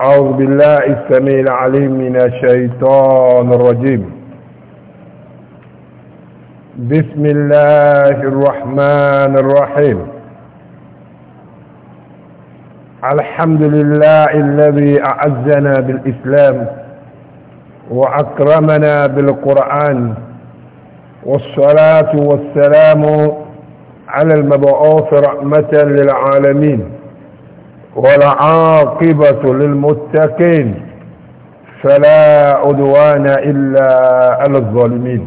أعوذ بالله السميع العليم من الشيطان الرجيم بسم الله الرحمن الرحيم الحمد لله الذي أعزنا بالإسلام وأكرمنا بالقرآن والصلاة والسلام على المبعوث رحمة للعالمين والعاقبة للمتقين فلا عدوان إلا على الظالمين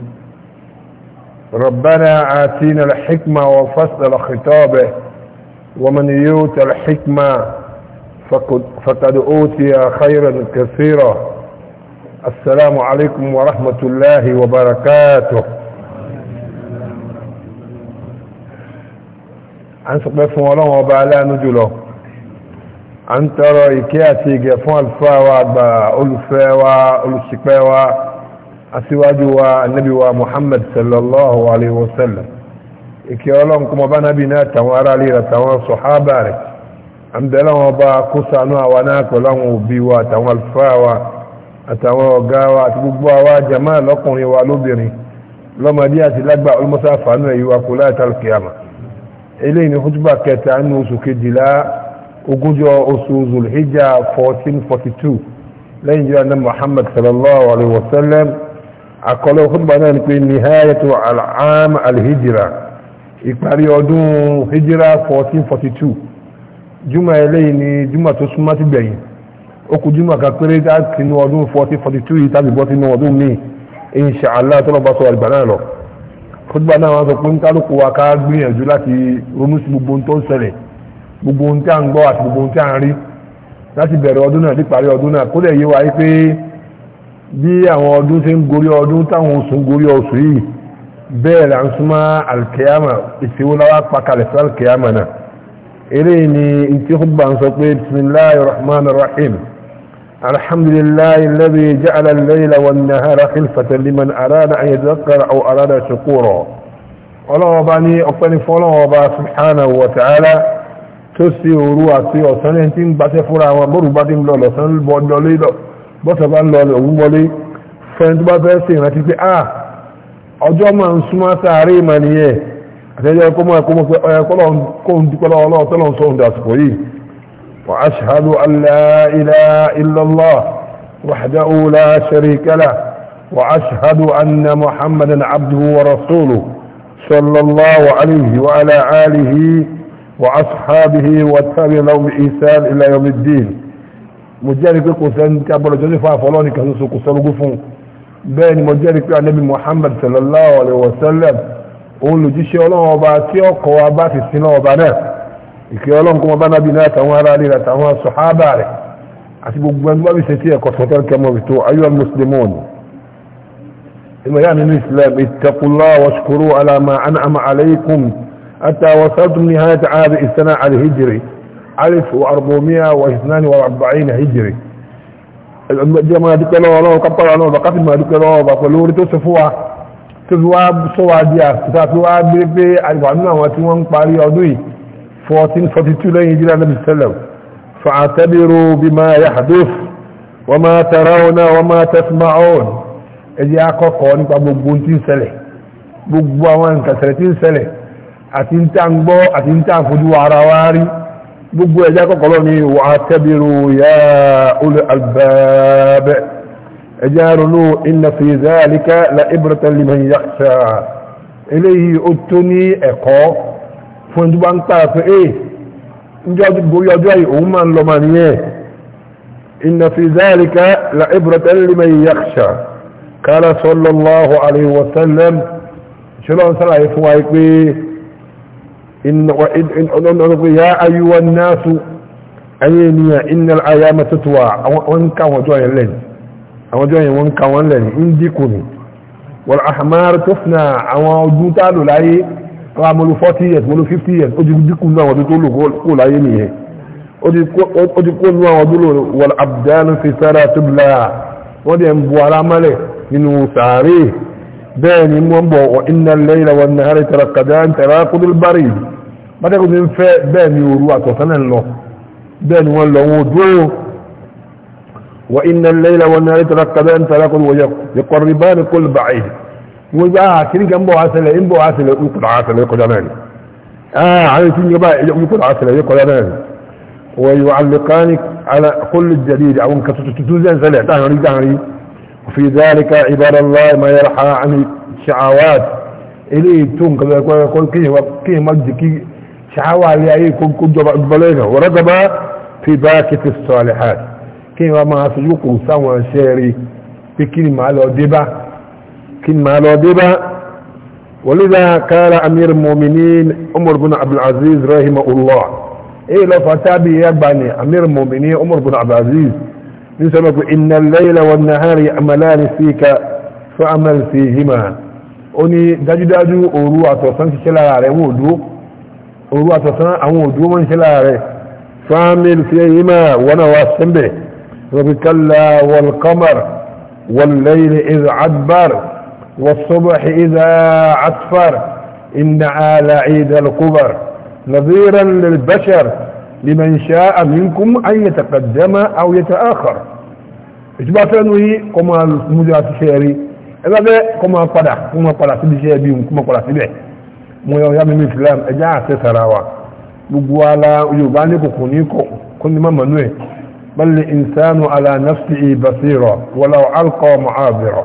ربنا آتينا الحكمة وفصل خطابه ومن يوت الحكمة فقد أوتي خيرا كثيرا السلام عليكم ورحمة الله وبركاته عن سقف ولو وبعلا نجله a ń tọrọ ìkẹ́ àti ìgẹ̀ fún àlùfáà wa àgbà olùfẹ́ wa olùṣìpẹ̀ wa aṣíwájú wa anábì wa muhammad sallallahu alayhi wa sallam ìkẹ́ ọlọ́run kọmọ bá nábì náà tàwọn ará lè rà tàwọn sọ̀hábà rẹ̀ à ń bẹ̀rẹ̀ wọn bá kó sànú àwa náà pẹ̀lú àwọn òbí wa àtàwọn àlùfáà wa àtàwọn ọ̀gá wa àti gbogbo àwa jàmáà lọ́kùnrin wa lóbìnrin lọ́mọdé àti lágbà olùmọ́sáfà náà yíwa kó láìtàlùkì àmà eléyìí ni hútùbà kẹta nínú oṣù kejìlá ogúnjọ́ oṣù zulhijja 1442 lẹ́yìn jẹ́ annabi muhammad sallallahu alaihi wasallam àkọlẹ̀ òkúnbà náà ni pé nihayatu al'am alhijira ìparí ọdún hijira 1442 juma eléyìí ni juma tó súnmọ́ sí gbẹ̀yìn ó kù juma kan péré láti inú ọdún 1442 yìí tàbí bọ́ sínú ọdún míì insha allah tó lọ́ba sọ àgbà náà lọ òkúnbà náà wọ́n sọ pé ń kálukú wa ká gbìyànjú láti ronú sí gbogbo tó ń ṣẹlẹ̀ gbogbo ohun tí a ń gbọ́ àti gbogbo ohun tí a ń rí láti bẹ̀rẹ̀ ọdún náà díparí ọdún náà kó lè yé wa yí pé bí àwọn ọdún ṣe ń gorí ọdún táwọn oṣù ń gorí oṣù yìí bẹ́ẹ̀ là ń súnmọ́ alkiyama ìṣèwò láwá pakalẹ̀ sí alkiyama náà eré ni ìtí húgbà ń sọ pé bisimilahi rahman rahim alhamdulilayi lẹ́bi ja'ala al-layla wan-nahara khilfatan arada an yadhakkara aw arada shukura ọlọ́wọ́ ní ọpẹ́ ní subhanahu wa ta'ala tó sí òru àti ọ̀sán lẹ́yìn tí ń gbaṣẹ́ fúnra wọn bóru bá dé ń lọ lọ́sán lọ́lé bọ́sọ̀ bá ń lọ òun wọlé fẹ́ni tó bá fẹ́ sí ìrántí pé ah ọjọ́ máa ń súnmọ́ sáré mà nìyẹn àtẹ́jọ́ ẹ̀kọ́ mọ́ ẹ̀kọ́ mọ́ pé ọ̀yẹ̀kọ́ kóhun dúpẹ́ lọ́wọ́ ọlọ́ọ̀tọ́ lọ́n sọ òǹdà àsìkò yìí wa ashhadu an la ilaha illallah wahdahu la sharika lah wa ashhadu anna muhammadan abduhu wa rasuluhu sallallahu alayhi wa ala alihi وأصحابه والتابعين لهم إيسان إلى يوم الدين مجالك قسان كابر جزيفا فلوني كسوس قسان قفون بين مجالك النبي محمد صلى الله عليه وسلم قول جيش الله وباتي وقوابات السنة وبناء إكي الله كما بنا بنا وارا لنا تعوى الصحابة عليه àti gbogbo ẹni wọ́n bí sẹ́tí أيها المسلمون إما يعني الإسلام اتقوا الله واشكروا على ما أنعم عليكم حتى وصلت نهاية عام السنة على الهجري 1442 هجري ما دك لو لو قطع لو بقت ما دك لو بقولوا تصفوا تصفوا بصوا ديا تصفوا بيبي أربعنا واتي وان باري أدوي 1442 لين هجري النبي الله فاعتبروا بما يحدث وما ترون وما تسمعون إذا akọ́kọ́ nípa gbogbo tí ń ṣẹlẹ̀ gbogbo àwọn àti ń tà ń gbọ́ àti ń tà fojú ara wa rí gbogbo ẹ̀já kọ̀kọ́lọ́ ni wà á tẹ́bìrò ya ulul albab ẹ̀já ronú iná fi zẹ́ zalika la ibrata lima yà sá eléyìí ó tó ní ẹ̀kọ́ fún ẹni tó bá ń pa àfẹ́ ẹ̀ ǹjọ́ borí ọjọ́ yìí òun máa ń lọ màá ní ẹ̀ iná fi zẹ́ zalika la ibratan liman yakhsha qala sallallahu alayhi wa sallam ṣọlọ́n sálàyé fún wa pé إن وإن يا أيها الناس أيني إن الأيام تتوى وانكا وجوه لن وجوه وانكا ولن إن ديكوني والأحمار تفنى وجوتا للاي وعملوا 40 years ولو 50 years ojú díkùn náà wọ́n tó lò kó láyé nìyẹn ojú kó nù àwọn ọdún lò wọ́n abdánù fi sára tó bla wọ́n dẹ̀ ń bu ara mọ́lẹ̀ nínú sàárè bẹ́ẹ̀ni mú ń bọ̀ wọ iná lẹ́yìnlá wọn ní àárẹ̀ tẹ̀rẹ̀ kàdá ń tẹ̀rẹ̀ kúrú bárì mọ́tẹ́kùn ti ń fẹ́ bẹ́ẹ̀ni òru àtọ̀sánà lọ bẹ́ẹ̀ni wọ́n lọ wọ́n dúró wọ iná lẹ́yìnlá wọn ní àárẹ̀ tẹ̀rẹ̀ kàdá ń tẹ̀rẹ̀ kúrú wọ́yẹ ìkọ̀rì báyìí kó lè bàáyì wọ́n gbá kiri kan bọ̀ àṣẹlẹ̀ ń bọ̀ àṣẹlẹ̀ ń kúrò àṣẹlẹ̀ kọjá náà ni àárẹ̀ tí ń gbá ń kúrò àṣẹlẹ̀ kọjá náà ni wọ́n yóò alùkánik alá kó lè jẹ̀dí àwọn kan tuntun tuntun zẹ́ وفي ذلك عباد الله ما يرحى عن الشعوات إليه تون كذا يقول كيه وكيه مجدكي شعوة كون كون جبع جبلينه ورقبا في باكة الصالحات كيه وما سجوكو سوى شيري في كلمة لو دبا كلمة لو دبا ولذا قال أمير المؤمنين عمر بن عبد العزيز رحمه الله إيه لو فتابي بني أمير المؤمنين عمر بن عبد العزيز نسمى إن الليل والنهار يعملان فيك فأمل فيهما أني داجو داجو أولو أتوسان شلا غاري مودو أولو أتوسان أمودو من شلا غاري فأمل فيهما ونواسن به ربك الله والقمر والليل إذ عدبر والصبح إذا عدفر إن آل عيد القبر نظيرا للبشر لمن شاء منكم أن يتقدم أو يتآخر إثباتا نوي كما المجرات الشعري إذا ده كما قدع كما قدع سبي شعبي كما قدع سبي mo yọ ya mímí islam ẹjẹ àti sarawa gbogbo ala yorùbá ní kòkò ní kò ní má manuel balẹ̀ ìsánú ala nafsi basira wọlá alkọ mọ̀ àbẹ̀rọ̀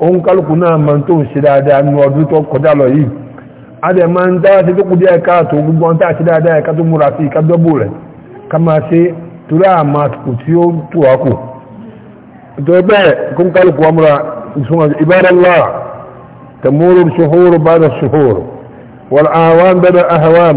òun kálukú náà máa tó ń ṣe dáadáa ní ọdún adẹ̀ máa ń dára sí tó kú díẹ̀ káàtó gbogbo ọ̀n tàà sí dáadáa ẹ̀ká tó múra sí ìkádọ́bù rẹ̀ ká máa ṣe torí àmà kò tí ó tù wá kù nítorí bẹ́ẹ̀ kó ń kálukú wa múra ìsúnmọ̀ ìbádọ́lá tẹ̀múrò ṣòhóró bára ṣòhóró wọ́n àwọn bẹ́ẹ̀ ahawam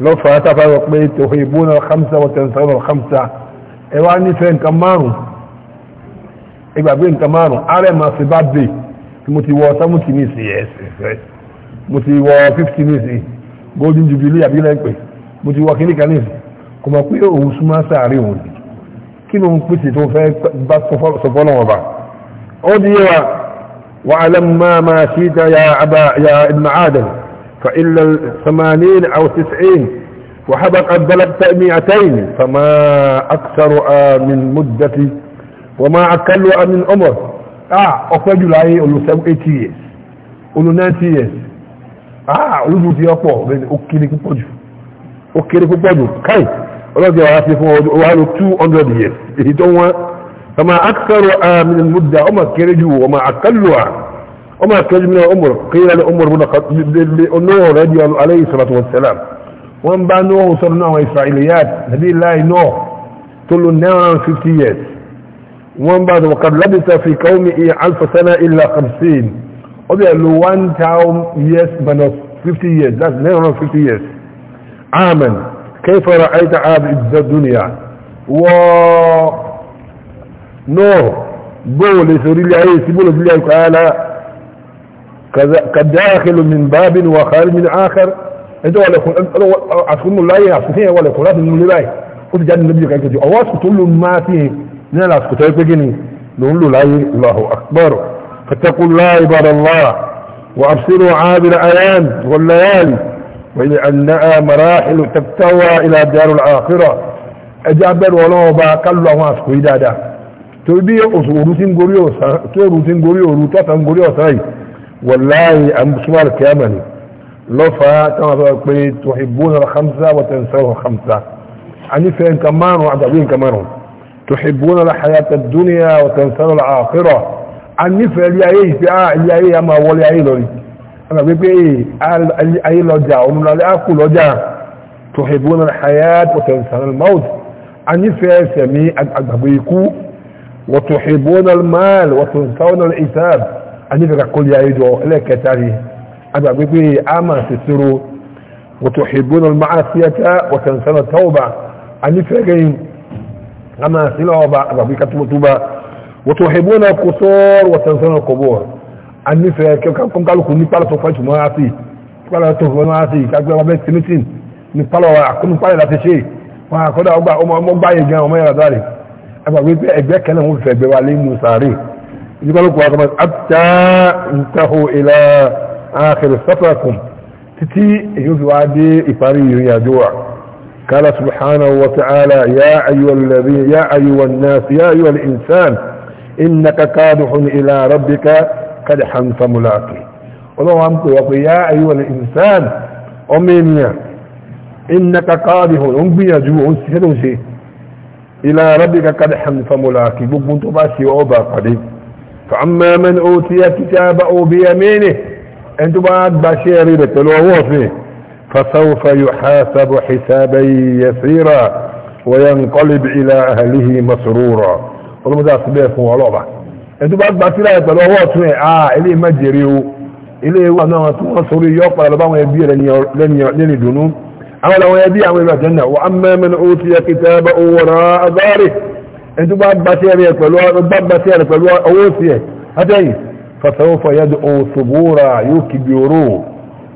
lọ fà á tàbá rọ pé tòhó ìbúná hamsa wọ́tẹ̀ sọ́rọ̀ hamsa ẹ wá nífẹ̀ẹ́ nǹkan márùn ìgbàgbé nǹkan márùn ààrẹ máa fi bá dé tí mo ti wọ seventy ní ìsìn ẹ̀sẹ̀ mo ti wọ fifty ní ìsìn golden jubilee àbílẹ̀ pé mo ti wọ kíní kan ní kò mọ̀ pé òun súnmọ́ sáàárín òun kí ló ń pèsè tó fẹ́ bá sọfọ́ náà bá ó di yẹ wàhálà máa máa ṣí ta ya ibn adam فإلا ثمانين أو تسعين وحبك قد بلغت مئتين فما أكثر من مدة وما أقل من عمر آه أفجو لأي أولو سو تيس أولو نان تيس آه أولو تي أفو بين أكيري كبجو أكيري كبجو كي أولو دي وعافي فو وعلو 200 years إذا فما أكثر من المدة عمر كيرجو وما أقلها وما كان من عمر قيل لعمر بن لأنه رضي عليه الصلاة والسلام وان بقى نوح وصلناه إسرائيليات نبي الله نوح طول له نعم 50 وان بعد وقد لبث في قومه ألف سنة إلا خمسين وقال له 1000 years بنص 50 years that's 950 years عاما كيف رأيت عاب الدنيا و نوح بول سوري لي عيسي بول سوري لي عيسي كداخل من باب وخارج من آخر انت ولا يكون لا الله ولا يكون لازم من لباي قلت جاد النبي كان كده اواس كل ما فيه من العسكتين طيب، بجني نقول له لا الله اكبر فتقول لا عباد الله وابصروا عابر ايام والليالي ولان مراحل تبتوى الى دار الاخره اجابر ولو باقل لهم عسكوي دادا تبي اصول روتين غوريو سا تو روتين غوريو روتا تنغوريو ساي والله أنبس مالك يا أملي لفا كما تقول تحبون الخمسة وتنسون الخمسة عنيفين كمان وعدوين كمان تحبون الحياة الدنيا وتنسون العاقرة عنيف اللي عيش بها اللي عيش أما إيه؟ إيه؟ هو اللي عيش لي أنا بيقول اللي عيش لجا ومن اللي أكل لجا تحبون الحياة وتنسون الموت عنيف يا سمي أدعبيكو وتحبون المال وتنسون الإثاب anífẹ̀ka kọlu ayé jọ ẹlẹ́kẹta rí agbàgbé pé a máa ṣe ṣòro wọ́tò ìgbóná máa sí ẹta wọ́tàn sánà tọ́ọ̀bà anífẹ̀ka yìí a máa sí lọ́ọ̀bà agbàgbé katumotuba wọ́tò ìgbóná kò sọ́ọ̀rọ̀ wọ́tàn sánà kọ̀bọ̀ anífẹ̀ka kọ́ńkálùkù ní pálọ̀ tó fàjù mọ́ àti pálọ̀ tó fàjù mọ́ àti kágbé wàbẹ́ tìmítìn ní pálọ̀ àkúnú pálọ̀ láti ṣe wọn àkọ́dá ọgbà ọmọ ọgbà gan ọmọ yàrá dáre agbàgbé pé ẹgbẹ́ kẹ́lẹ́ wọn fẹ́ gbé wa lé nù sàárè ìdíbálòpọ̀ àgbàmọ̀ حتى انتهوا إلى آخر سفركم تتي يوزع fi wá dé قال سبحانه وتعالى يا أيها الذين يا أيها الناس يا أيها الإنسان إنك كادح إلى ربك قدحا فملاقي ولو أمك وقل يا أيها الإنسان أمينيا إنك قادح أمي يجوع سيدوسي إلى ربك قدحا فملاقي بقبنت باسي أوبا قديم فأما من أوتي كتابه بيمينه أنت بعد بشير بتلوه فيه فسوف يحاسب حسابا يسيرا وينقلب إلى أهله مسرورا ولم هو ولوبا أنت بعد بشير بتلوه فيه آه إليه مجريه إليه انا تنصري يقبل لبعض يبير لن يدنون أولا يبيع عمل الجنة وأما من أوتي كتابه وراء داره ẹni bá gbàtí ẹ̀rẹ̀ pẹ̀lú ọwọ́ sí ẹ̀ adẹ́yìn fasawufa yad'u subura yóò kìbì oró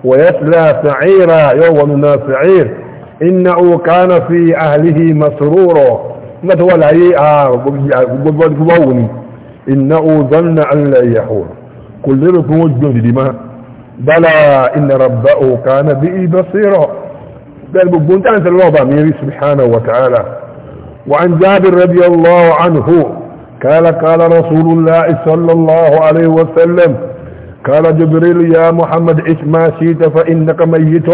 wayasla sa'ira yóò wọnú na sa'ir innahu kana fi ahlihi masrura nígbà tó wà láyé gbogbo wù ní innahu zanna an la yahur kò lérò fún wọn jùlọ dìdì má bala inna rabbahu kana bihi basira bẹ́ẹ̀ gbogbo ń tàn sẹ́lẹ̀ lọ́ọ̀bà mi rí subhanahu wa ta'ala وعن جابر رضي الله عنه قال قال رسول الله صلى الله عليه وسلم قال جبريل يا محمد اسمع شئت فإنك ميت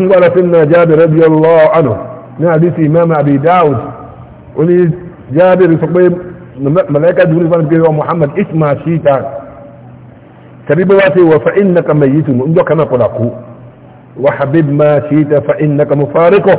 ولكن جابر رضي الله عنه نحديث إمام أبي داود ولي جابر سقيم ملائكة جبريل فقيم يا محمد اسمع شئت تبيب واتي وفإنك ميت وإنك كما قلقو وحبيب ما شئت فإنك مفارقه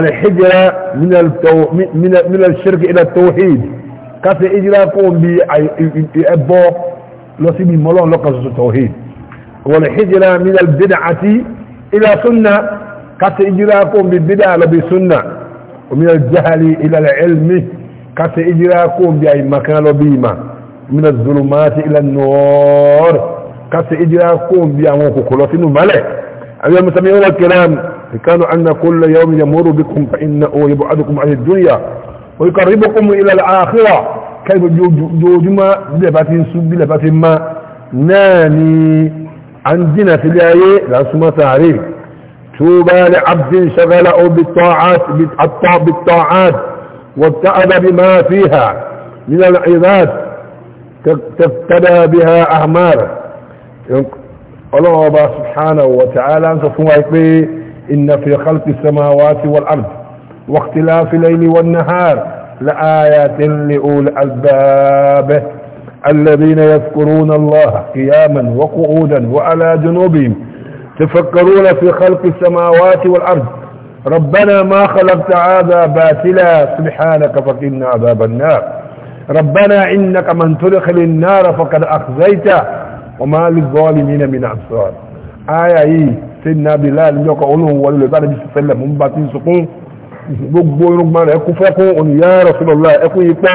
الحجرة من التو... من من الشرك إلى التوحيد كاف إجرا قوم بأبو لسمي ملون لقص التوحيد والحجرة من البدعة إلى سنة كاف إجرا قوم ببدعة لبسنة ومن الجهل إلى العلم كاف إجرا قوم بأي مكان لبيما من الظلمات إلى النور كاف إجرا قوم بأموكو كلسين ملك أيها المستمعون الكرام قالوا أن كل يوم يمر بكم فإنه يبعدكم عن الدنيا ويقربكم إلى الآخرة كيف جوجما لباتين سبي لباتين ما ناني عندنا في الآية لا سمى تعريف توبى لعبد شغله بالطاعات بالطاعات وابتعد بما فيها من العباد تفتدى بها أعماله الله سبحانه وتعالى انت ta'ala ń إن في خلق السماوات والأرض واختلاف الليل والنهار لآيات لأولي الألباب الذين يذكرون الله قياما وقعودا وعلى جنوبهم تفكرون في خلق السماوات والأرض ربنا ما خلقت هذا باتلا سبحانك فقنا عذاب النار ربنا إنك من تدخل النار فقد أخزيته وما للظالمين من أبصار آية إيه سيدنا بلال يوكا أولوه ولو لبانا بيسي سلم هم باتين سكون gbogbo irúgbọ́n rẹ̀ kú fẹ́kún òníyá rọ̀sùlọ́lá ẹkú ipò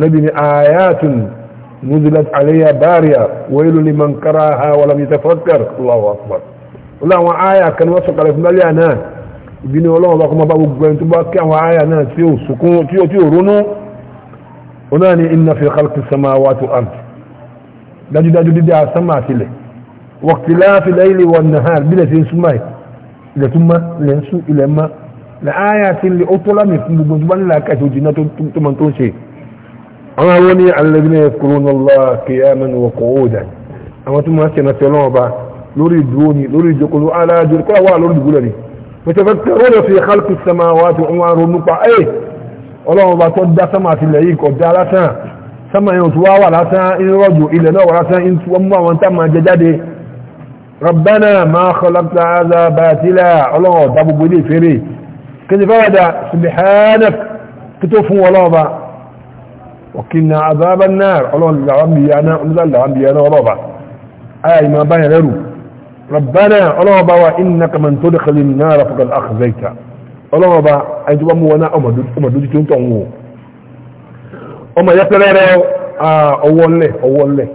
níbi ni ayatun nuzilat alayya bariya wailu liman karaha wa lam yatafakkar allahu akbar wala wa aya kan wa sokale fun lalia na ibi ni Ọlọ́run ba ko ma ba gbogbo en tó bá kí àwọn aya na tí ó sukun tí ó tí ó ronú ona ni inna fi khalqis samawati wal ard dájú dájú dídá sama tile واختلاف الليل والنهار بلا تنسماي إلى ثم لنسو إلى ما لآيات لأطلع من بجبان لا كاتو جنة تمن تنشي أما وني الذين يذكرون الله قياما وقعودا أما ثم أسنا سلام با لوري دوني لوري جقلوا على جرقا ولوري جقلني وتفكرون في خلق السماوات وعمار النقع أي ọlọ́run ọba tó dá sánmà àti ilẹ̀ yìí kọjá lásán sánmà yóò tó wá wà lásán inú rọ̀jò ilẹ̀ náà wà lásán ربنا ما خلقت هذا باتلا الله دابو بودي فيري كده فادا سبحانك كتوفوا ولابا وكنا عذاب النار الله العبي انا انزل العبي انا ولابا اي ما بين غيره ربنا الله با وانك من تدخل النار فقد اخزيت الله با اي تو وانا امدو امدو تي تون تون او يترى اه اولي اولله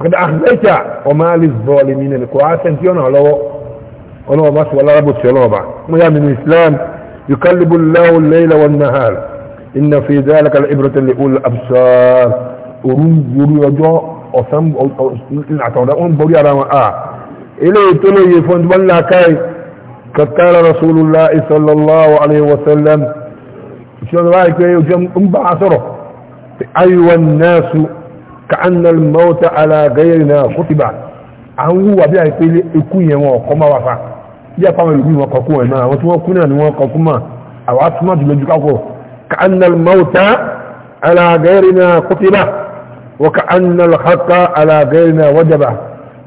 فقد أخذيت وما للظالمين الكواسا تيونا لو ولو بس ولا ربط شلوبا ويا من الإسلام يقلب الله الليل والنهار إن في ذلك العبرة لأولي الأبصار أرون يوري وجو أسام أتعودون بوري على ما آه إليه تلي يفند ولا كاي كقال رسول الله صلى الله عليه وسلم شو رأيك يا جم أم بعثره أيوة الناس كأن الموت على غيرنا خطبة àwọn wà bí i pé ikú yẹn wọn ọ̀kọ́ máa wà fa bí a fáwọn ìlú wọn kọkún ẹ̀mọ́ àwọn tí wọ́n kú náà ni wọ́n kọkún mà àwọn atúmọ̀ jùlọ jù kákọ̀ كأن الموت على غيرنا خطبة وكأن الحق على غيرنا وجب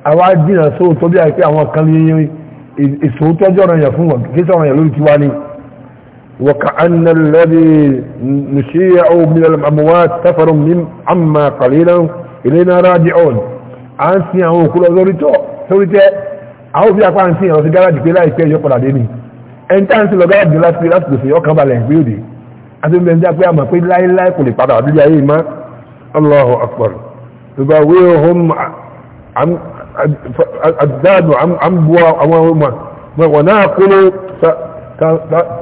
àwọn ajínà sóòtọ́ bí i pé àwọn kan lè èso tọ́jọ́ ọ̀rọ̀ yẹn fún wọn kí وكأن الذي نشيعوا من الأموات سفر من عما قليلا إلينا راجعون أنسيعوا كل ذلك ذلك أو في أقوى أنسيع أو سيقال لك لا يكي يقول عديني أنت أنسي لو قال جلس في الأسل في يوكب عليه بيودي أتم بين ذلك أما قيل لا إلا يقول لبعض عبد الجعيم الله أكبر تباويهم أجداد عم بوا وناقلوا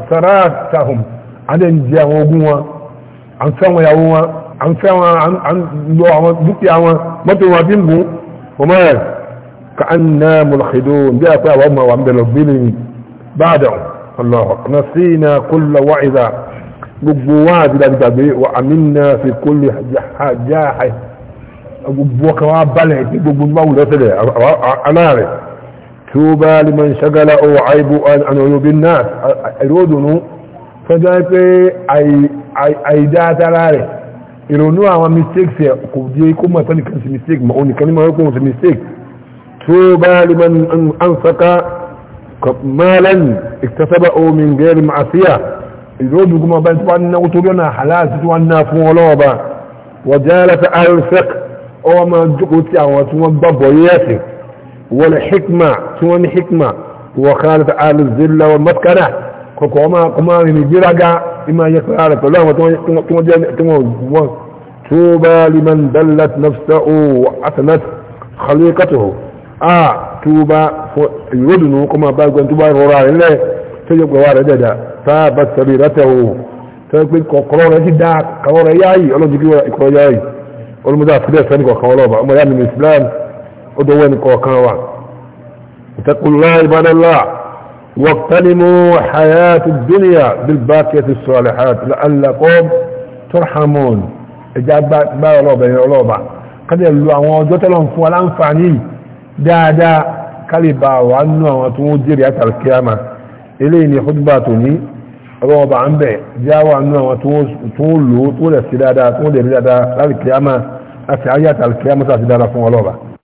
sàráàtàhùn àdẹ̀ ń jẹ àwọn ogún wọn à ń fẹ́ wọn ìyàwó wọn à ń fẹ́ wọn à ń lọ àwọn dúkìá wọn mọ́tò wọn àti ń bù ọmọ ẹ̀ ka an na mọ̀lẹ́kẹ̀dọ́ bí a pẹ́ àwọn ọmọ wa ń bẹ̀rẹ̀ gbélé ni báàdàn ọlọ́ọ̀ na sí na kúlọ̀ wá ìdá gbogbo wa àti dàgbàgbé wa àmìnà fi kúlẹ̀ jáhàì gbogbo ọkàn wa balẹ̀ gbogbo báwù lọ́sẹ̀lẹ̀ aláàrẹ̀ توبى لمن شغل او عيب عن عيوب الناس ìròdùnú fẹ́jọ́ pé àìdáadára rẹ̀ ìrònú àwọn mistakes ẹ̀ kò jẹ́ kó mọ̀ tẹ́lì kan sí mistake ma oníkan ní mọ̀ sí mistake tó bá liman an saka malan iktasaba o min gẹ́rì ma'asiya ìròdùn kuma bá tí wọ́n náwó tó lọ́nà halal tí wọ́n náà fún ọlọ́wọ́ ba wọ́n jẹ́ lẹ́ta iron sec ọwọ́ máa jókòó tí àwọn tí wọ́n gbàgbọ́ yẹ́sìn ولا يعني حكمة ثم حكمة وخالف آل الزلة والمسكنة كما كما من جرقة إما يقرأ كلام ثم جاء توبى لمن دلت نفسه وأثنت خليقته آه توبى يردن كما باقوا توبى رورا إلا يعني تجب قوار جدا ثابت سبيرته تجب قرار جدا قرار ياي الله جكي ولا إقرار ياي والمدافع سنك وقوالوبة أما يعني من الإسلام ادواني كوكاوا اتقوا الله عباد الله واقتلموا حياة الدنيا بالباقية الصالحات لألكم ترحمون اجاب بقى با علوبة يا علوبة قد يلو عن وجوت الانفو الانفعني دا دا كالبا وانو وانتو مجيري اتا الكيامة اليني خطباتني روبا عن بي جاو عنو وانتو تولو طول السدادة طول السدادة لالكيامة الكيامة سدادة فو علوبة